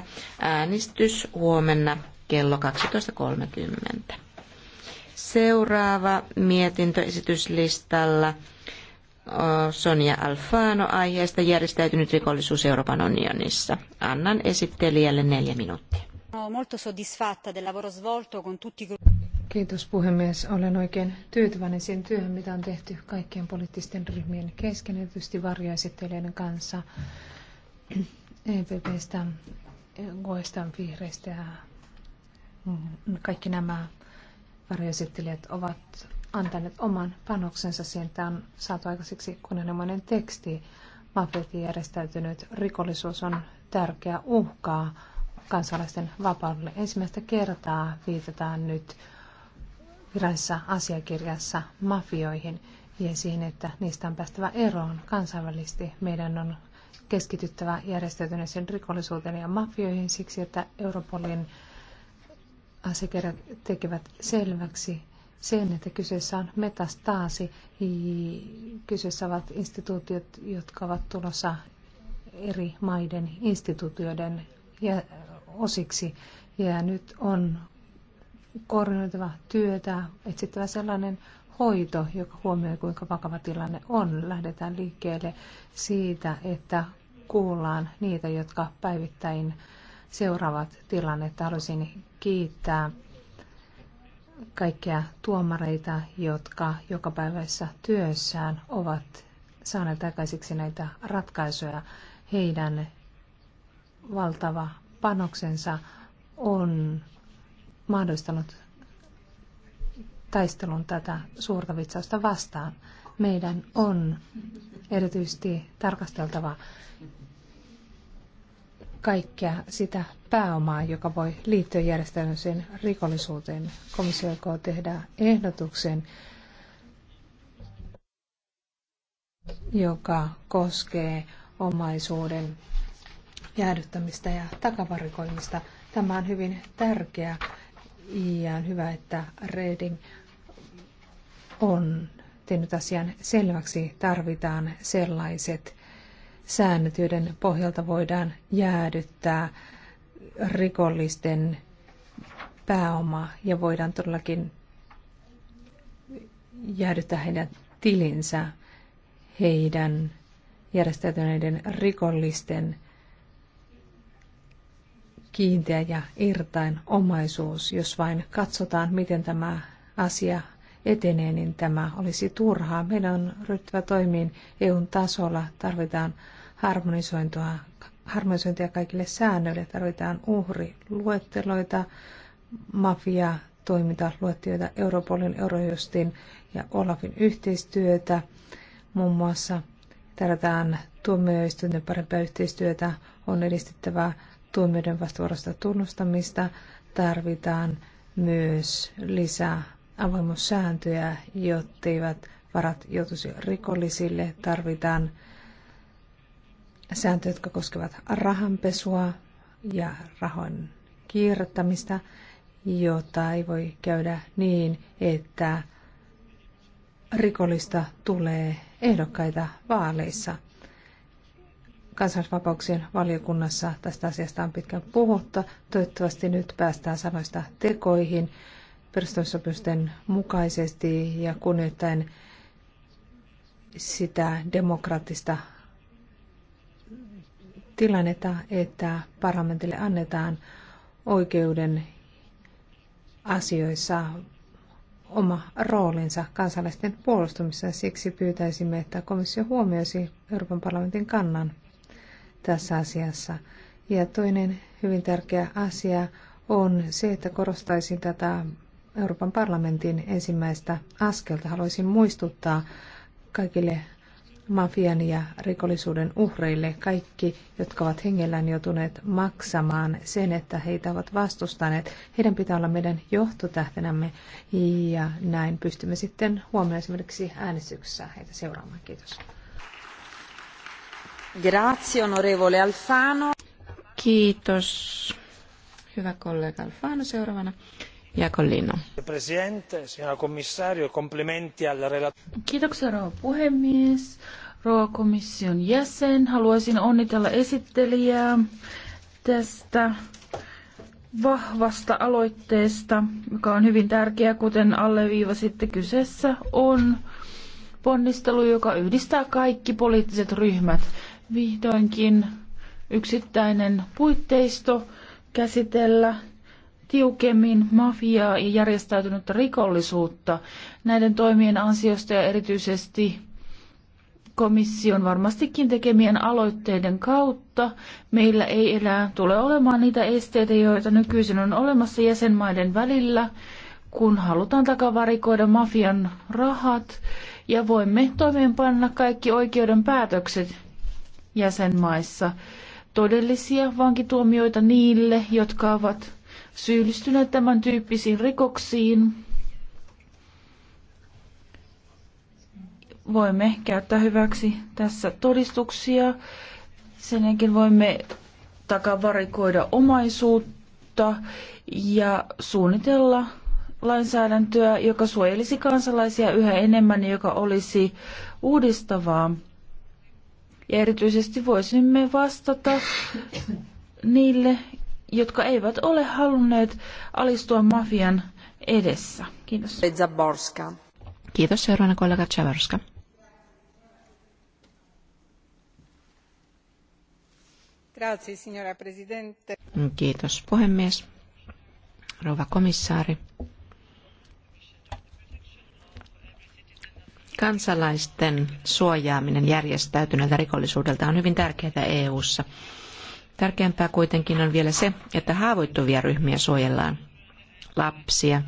tästä. Äänestys huomenna kello 12.30. Seuraava mietintöesityslistalla esityslistalla. Sonia Alfano aiheesta järjestäytynyt rikollisuus Euroopan unionissa. Annan esittelijälle neljä minuuttia. Kiitos puhemies. Olen oikein tyytyväinen siihen työhön, mitä on tehty kaikkien poliittisten ryhmien kesken, erityisesti varjoesittelijöiden kanssa. EPPstä, e Goestan vihreistä ja mm, kaikki nämä varjoesittelijät ovat antaneet oman panoksensa siihen, että on saatu aikaiseksi kunnianhimoinen teksti. Mafiatin järjestäytynyt rikollisuus on tärkeä uhkaa kansalaisten vapaudelle. Ensimmäistä kertaa viitataan nyt virallisessa asiakirjassa mafioihin ja siihen, että niistä on päästävä eroon kansainvälisesti. Meidän on keskityttävä järjestäytyneeseen rikollisuuteen ja mafioihin siksi, että Europolin asiakirjat tekevät selväksi sen, että kyseessä on metastaasi. Kyseessä ovat instituutiot, jotka ovat tulossa eri maiden instituutioiden ja osiksi. Ja nyt on koordinoitava työtä, etsittävä sellainen hoito, joka huomioi kuinka vakava tilanne on. Lähdetään liikkeelle siitä, että kuullaan niitä, jotka päivittäin seuraavat tilannetta. Haluaisin kiittää kaikkia tuomareita, jotka joka päivässä työssään ovat saaneet aikaiseksi näitä ratkaisuja. Heidän valtava panoksensa on mahdollistanut taistelun tätä suurta vitsausta vastaan. Meidän on erityisesti tarkasteltava kaikkea sitä pääomaa, joka voi liittyä järjestäytyneeseen rikollisuuteen. Komissio aikoo tehdä ehdotuksen, joka koskee omaisuuden jäädyttämistä ja takavarikoimista. Tämä on hyvin tärkeä ja on hyvä, että Reading on tehnyt asian selväksi, tarvitaan sellaiset säännöt, joiden pohjalta voidaan jäädyttää rikollisten pääoma ja voidaan todellakin jäädyttää heidän tilinsä heidän järjestäytyneiden rikollisten kiinteä ja irtain omaisuus, jos vain katsotaan, miten tämä asia etenee, niin tämä olisi turhaa. Meidän on ryhtyvä toimiin EUn tasolla. Tarvitaan harmonisointua, harmonisointia kaikille säännöille. Tarvitaan uhriluetteloita, mafia, toimintaluetteloita, Europolin, Eurojustin ja Olafin yhteistyötä. Muun muassa tarvitaan tuomioistuinten parempaa yhteistyötä, on edistettävä tuomioiden vastavuorosta tunnustamista, tarvitaan myös lisää avoimuussääntöjä, jotteivät varat joutuisi rikollisille. Tarvitaan sääntöjä, jotka koskevat rahanpesua ja rahojen kierrättämistä, jota ei voi käydä niin, että rikollista tulee ehdokkaita vaaleissa. Kansallisvapauksien valiokunnassa tästä asiasta on pitkään puhuttu. Toivottavasti nyt päästään sanoista tekoihin perustamissopimusten mukaisesti ja kunnioittain sitä demokraattista tilannetta, että parlamentille annetaan oikeuden asioissa oma roolinsa kansalaisten puolustamisessa. Siksi pyytäisimme, että komissio huomioisi Euroopan parlamentin kannan tässä asiassa. Ja toinen hyvin tärkeä asia on se, että korostaisin tätä Euroopan parlamentin ensimmäistä askelta. Haluaisin muistuttaa kaikille mafian ja rikollisuuden uhreille, kaikki, jotka ovat hengellään joutuneet maksamaan sen, että heitä ovat vastustaneet. Heidän pitää olla meidän johtotähtenämme ja näin pystymme sitten huomioon esimerkiksi äänestyksessä heitä seuraamaan. Kiitos. Grazie, onorevole Alfano. Kiitos, hyvä kollega Alfano. Seuraavana Jakolino. Kiitoksia puhemies. Rouva komission jäsen, haluaisin onnitella esittelijää tästä vahvasta aloitteesta, joka on hyvin tärkeä, kuten alleviiva sitten kyseessä on ponnistelu, joka yhdistää kaikki poliittiset ryhmät. Vihdoinkin yksittäinen puitteisto käsitellä tiukemmin mafiaa ja järjestäytynyttä rikollisuutta. Näiden toimien ansiosta ja erityisesti komission varmastikin tekemien aloitteiden kautta meillä ei enää tule olemaan niitä esteitä, joita nykyisin on olemassa jäsenmaiden välillä, kun halutaan takavarikoida mafian rahat ja voimme toimeenpanna kaikki oikeuden päätökset jäsenmaissa. Todellisia vankituomioita niille, jotka ovat syyllistyneet tämän tyyppisiin rikoksiin. Voimme käyttää hyväksi tässä todistuksia. Sen jälkeen voimme takavarikoida omaisuutta ja suunnitella lainsäädäntöä, joka suojelisi kansalaisia yhä enemmän ja joka olisi uudistavaa. Ja erityisesti voisimme vastata niille, jotka eivät ole halunneet alistua mafian edessä. Kiitos. Zaborska. Kiitos seuraavana kollega Zaborska. Grazie, signora presidente. Kiitos puhemies. Rouva komissaari. Kansalaisten suojaaminen järjestäytyneeltä rikollisuudelta on hyvin tärkeää EU:ssa. ssa Tärkeämpää kuitenkin on vielä se, että haavoittuvia ryhmiä suojellaan, lapsia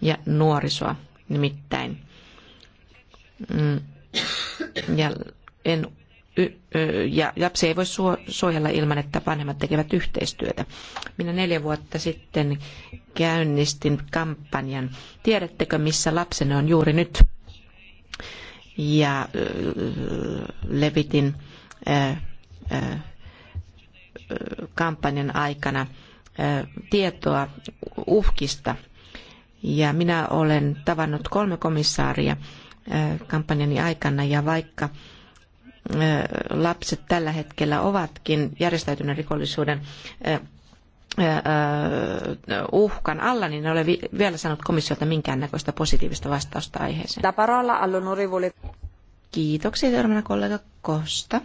ja nuorisoa nimittäin. Mm. Ja, en, ja lapsi ei voi suojella ilman, että vanhemmat tekevät yhteistyötä. Minä neljä vuotta sitten käynnistin kampanjan Tiedättekö, missä lapsenne on juuri nyt? Ja levitin kampanjan aikana tietoa uhkista. Ja minä olen tavannut kolme komissaaria kampanjani aikana ja vaikka lapset tällä hetkellä ovatkin järjestäytyneen rikollisuuden uhkan alla, niin en ole vielä saanut komissiolta minkäännäköistä positiivista vastausta aiheeseen. La parola all'onorevole. Kiitoksia, kollega Kosta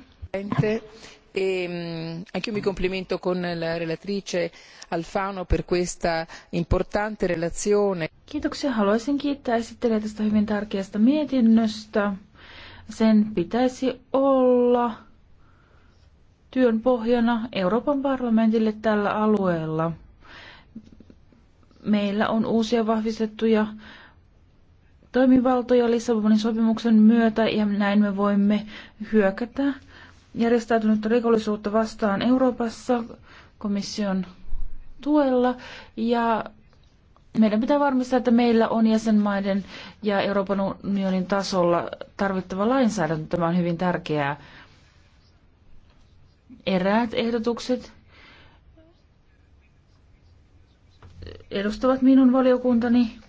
e mm, io mi complimento con la relatrice Alfano per questa importante relazione. Kiitoksia. Haluaisin kiittää esittelijä tästä hyvin tärkeästä mietinnöstä. Sen pitäisi olla työn pohjana Euroopan parlamentille tällä alueella. Meillä on uusia vahvistettuja toimivaltoja Lissabonin sopimuksen myötä ja näin me voimme hyökätä järjestäytynyttä rikollisuutta vastaan Euroopassa komission tuella ja meidän pitää varmistaa, että meillä on jäsenmaiden ja Euroopan unionin tasolla tarvittava lainsäädäntö. Tämä on hyvin tärkeää. Eräät ehdotukset edustavat minun valiokuntani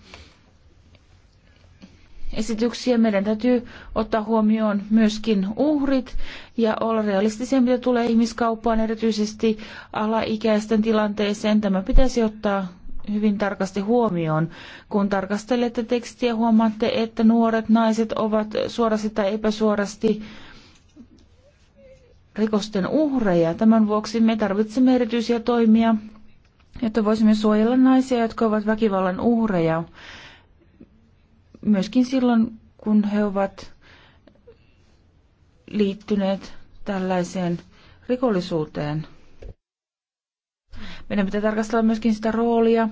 esityksiä. Meidän täytyy ottaa huomioon myöskin uhrit ja olla realistisia, mitä tulee ihmiskauppaan, erityisesti alaikäisten tilanteeseen. Tämä pitäisi ottaa hyvin tarkasti huomioon. Kun tarkastelette tekstiä, huomaatte, että nuoret naiset ovat suorasti tai epäsuorasti rikosten uhreja. Tämän vuoksi me tarvitsemme erityisiä toimia, jotta voisimme suojella naisia, jotka ovat väkivallan uhreja myöskin silloin, kun he ovat liittyneet tällaiseen rikollisuuteen. Meidän pitää tarkastella myöskin sitä roolia,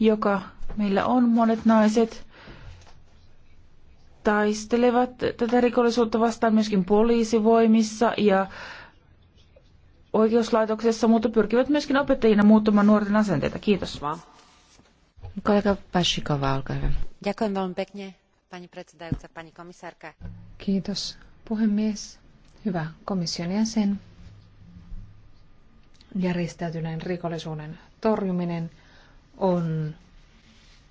joka meillä on. Monet naiset taistelevat tätä rikollisuutta vastaan myöskin poliisivoimissa ja oikeuslaitoksessa, mutta pyrkivät myöskin opettajina muuttamaan nuorten asenteita. Kiitos vaan hyvä. Ďakujem veľmi pekne, pani predsedajúca, pani komisárka. Kiitos, puhemies. Hyvä komission jäsen. Järjestäytyneen rikollisuuden torjuminen on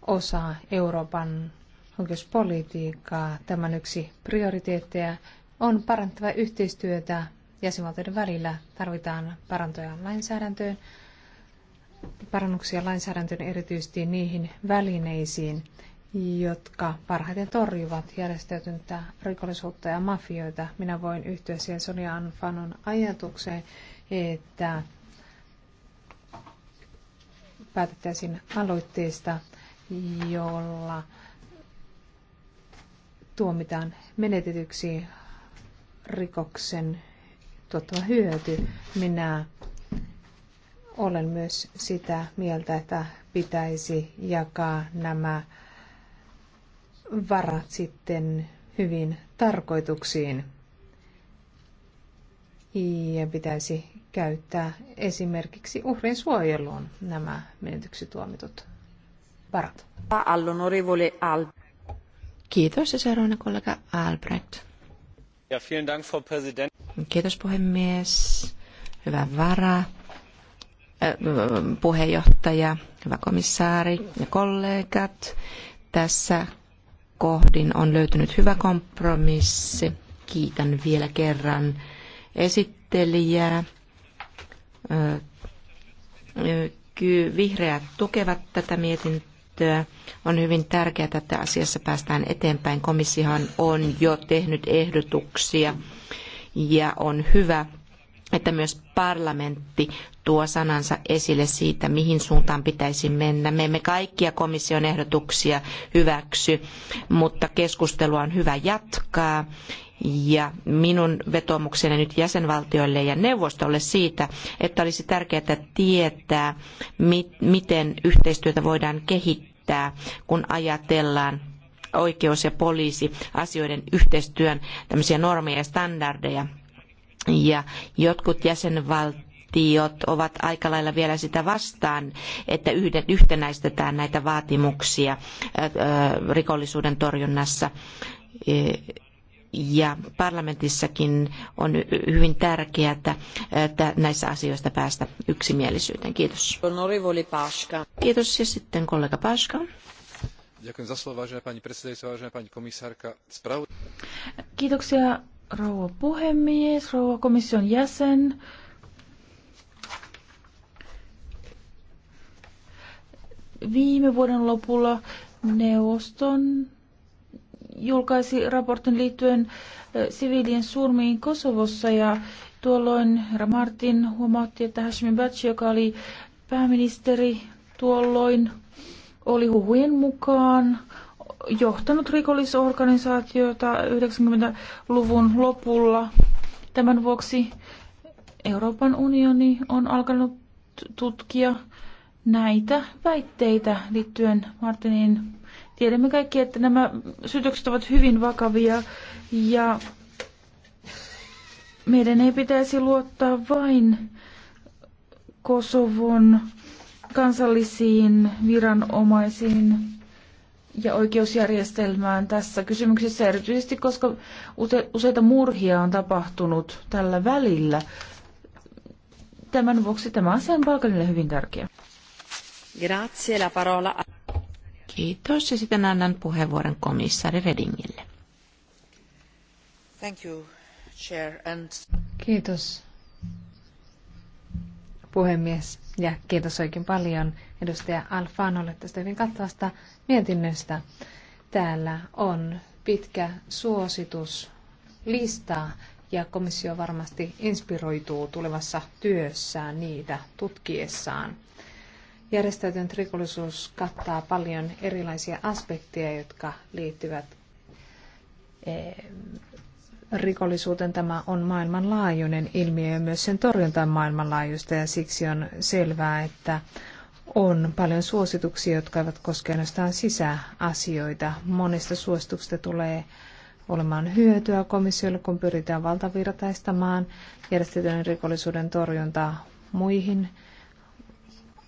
osa Euroopan oikeuspolitiikkaa. Tämän yksi prioriteetteja on parantava yhteistyötä jäsenvaltioiden välillä. Tarvitaan parantoja lainsäädäntöön parannuksia lainsäädäntöön erityisesti niihin välineisiin, jotka parhaiten torjuvat järjestäytynyttä rikollisuutta ja mafioita. Minä voin yhtyä siihen Sonia Anfanon ajatukseen, että päätettäisiin aloitteesta, jolla tuomitaan menetetyksi rikoksen tuottama hyöty. Minä olen myös sitä mieltä, että pitäisi jakaa nämä varat sitten hyvin tarkoituksiin ja pitäisi käyttää esimerkiksi uhrin suojeluun nämä menetyksi tuomitut varat. Kiitos ja seuraavana kollega Albrecht. Ja, vielen Dank, Frau Kiitos puhemies. Hyvä vara puheenjohtaja, hyvä komissaari ja kollegat. Tässä kohdin on löytynyt hyvä kompromissi. Kiitän vielä kerran esittelijää. Vihreät tukevat tätä mietintöä. On hyvin tärkeää, että asiassa päästään eteenpäin. Komissiohan on jo tehnyt ehdotuksia ja on hyvä, että myös parlamentti tuo sanansa esille siitä, mihin suuntaan pitäisi mennä. Me emme kaikkia komission ehdotuksia hyväksy, mutta keskustelua on hyvä jatkaa. Ja minun vetomukseni nyt jäsenvaltioille ja neuvostolle siitä, että olisi tärkeää tietää, miten yhteistyötä voidaan kehittää, kun ajatellaan oikeus- ja poliisiasioiden yhteistyön normeja ja standardeja ja jotkut jäsenvaltiot ovat aika lailla vielä sitä vastaan, että yhtenäistetään näitä vaatimuksia rikollisuuden torjunnassa. E, ja parlamentissakin on hyvin tärkeää, että näissä asioista päästä yksimielisyyteen. Kiitos. Kiitos ja sitten kollega Paska. Kiitoksia rouva puhemies, rouva komission jäsen. Viime vuoden lopulla neuvoston julkaisi raportin liittyen siviilien surmiin Kosovossa ja tuolloin Ramartin huomautti, että Hashmin Batsi, joka oli pääministeri tuolloin, oli huhujen mukaan johtanut rikollisorganisaatiota 90-luvun lopulla. Tämän vuoksi Euroopan unioni on alkanut tutkia näitä väitteitä liittyen Martinin Tiedämme kaikki, että nämä syytökset ovat hyvin vakavia ja meidän ei pitäisi luottaa vain Kosovon kansallisiin viranomaisiin ja oikeusjärjestelmään tässä kysymyksessä, erityisesti koska useita murhia on tapahtunut tällä välillä. Tämän vuoksi tämä asia on Balkanille hyvin tärkeä. Grazie la parola. Kiitos ja sitten annan puheenvuoron komissaari Redingille. Thank you, Chair, and... Kiitos puhemies ja kiitos oikein paljon edustaja Alfanolle tästä hyvin kattavasta mietinnöstä. Täällä on pitkä suosituslista ja komissio varmasti inspiroituu tulevassa työssään niitä tutkiessaan. Järjestäytynyt rikollisuus kattaa paljon erilaisia aspekteja, jotka liittyvät eh, rikollisuuteen tämä on maailmanlaajuinen ilmiö ja myös sen torjunta on maailmanlaajuista ja siksi on selvää, että on paljon suosituksia, jotka eivät koske ainoastaan sisäasioita. Monista suosituksista tulee olemaan hyötyä komissiolle, kun pyritään valtavirtaistamaan järjestetyn rikollisuuden torjuntaa muihin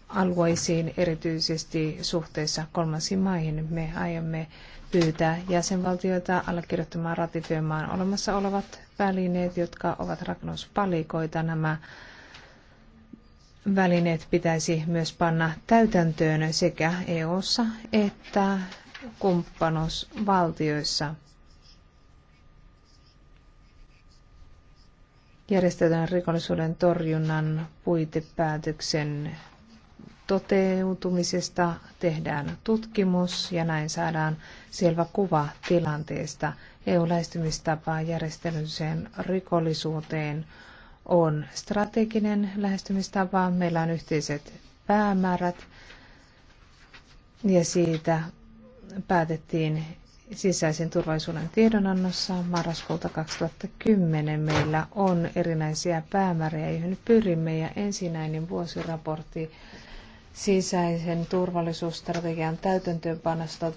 alueisiin, erityisesti suhteessa kolmansiin maihin. Me aiomme pyytää jäsenvaltioita allekirjoittamaan ratifioimaan olemassa olevat välineet, jotka ovat rakennuspalikoita. Nämä välineet pitäisi myös panna täytäntöön sekä EU:ssa että kumppanuusvaltioissa. Järjestetään rikollisuuden torjunnan puitepäätöksen toteutumisesta tehdään tutkimus ja näin saadaan selvä kuva tilanteesta. EU-lähestymistapa järjestelyiseen rikollisuuteen on strateginen lähestymistapa. Meillä on yhteiset päämäärät ja siitä päätettiin sisäisen turvallisuuden tiedonannossa marraskuulta 2010 meillä on erinäisiä päämääriä, joihin pyrimme ja ensinäinen vuosiraportti sisäisen turvallisuusstrategian täytäntöönpanosta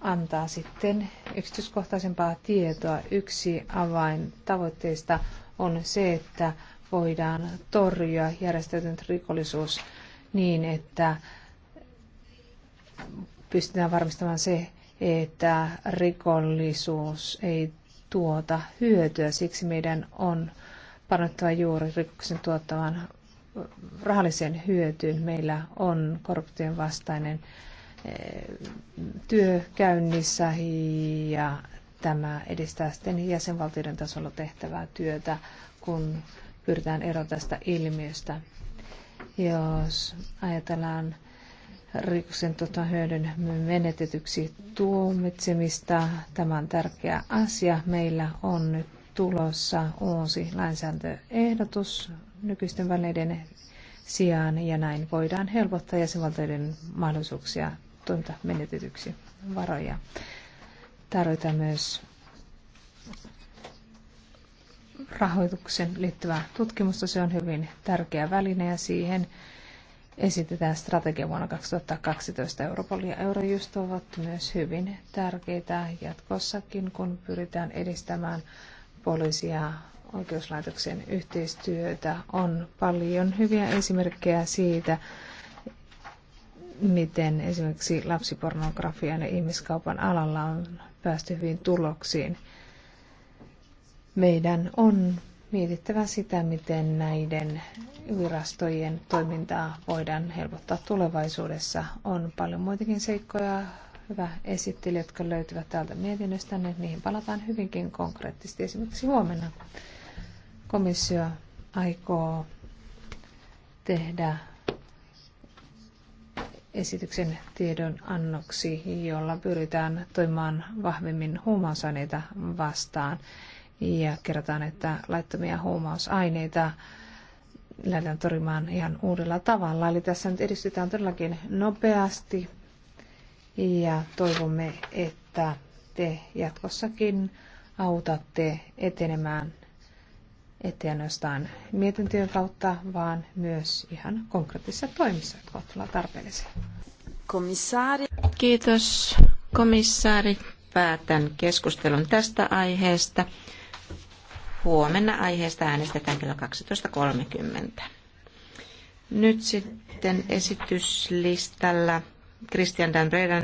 antaa sitten yksityiskohtaisempaa tietoa. Yksi avain tavoitteista on se, että voidaan torjua järjestäytynyt rikollisuus niin, että pystytään varmistamaan se, että rikollisuus ei tuota hyötyä. Siksi meidän on panottava juuri rikoksen tuottavan rahalliseen hyötyyn. Meillä on korruption vastainen eh, työ käynnissä ja tämä edistää sitten jäsenvaltioiden tasolla tehtävää työtä, kun pyritään ero tästä ilmiöstä. Jos ajatellaan rikoksen tota, hyödyn menetetyksi tuomitsemista, tämä on tärkeä asia. Meillä on nyt tulossa uusi lainsääntöehdotus nykyisten välineiden sijaan ja näin voidaan helpottaa jäsenvaltioiden mahdollisuuksia toimita menetetyksi varoja. Tarvitaan myös rahoituksen liittyvää tutkimusta. Se on hyvin tärkeä väline ja siihen esitetään strategia vuonna 2012. Europol ja Eurojust ovat myös hyvin tärkeitä jatkossakin, kun pyritään edistämään poliisia oikeuslaitoksen yhteistyötä. On paljon hyviä esimerkkejä siitä, miten esimerkiksi lapsipornografian ja ihmiskaupan alalla on päästy hyvin tuloksiin. Meidän on mietittävä sitä, miten näiden virastojen toimintaa voidaan helpottaa tulevaisuudessa. On paljon muitakin seikkoja, hyvä esittely, jotka löytyvät täältä mietinnöstä, niin niihin palataan hyvinkin konkreettisesti esimerkiksi huomenna komissio aikoo tehdä esityksen tiedon annoksi, jolla pyritään toimimaan vahvemmin huumausaineita vastaan. Ja kerrotaan, että laittomia huumausaineita lähdetään torjumaan ihan uudella tavalla. Eli tässä nyt edistytään todellakin nopeasti ja toivomme, että te jatkossakin autatte etenemään ettei ainoastaan mietintöjen kautta, vaan myös ihan konkreettisissa toimissa, jotka ovat tulla tarpeellisia. Komissaari. Kiitos komissaari. Päätän keskustelun tästä aiheesta. Huomenna aiheesta äänestetään kello 12.30. Nyt sitten esityslistalla Christian Dan Redan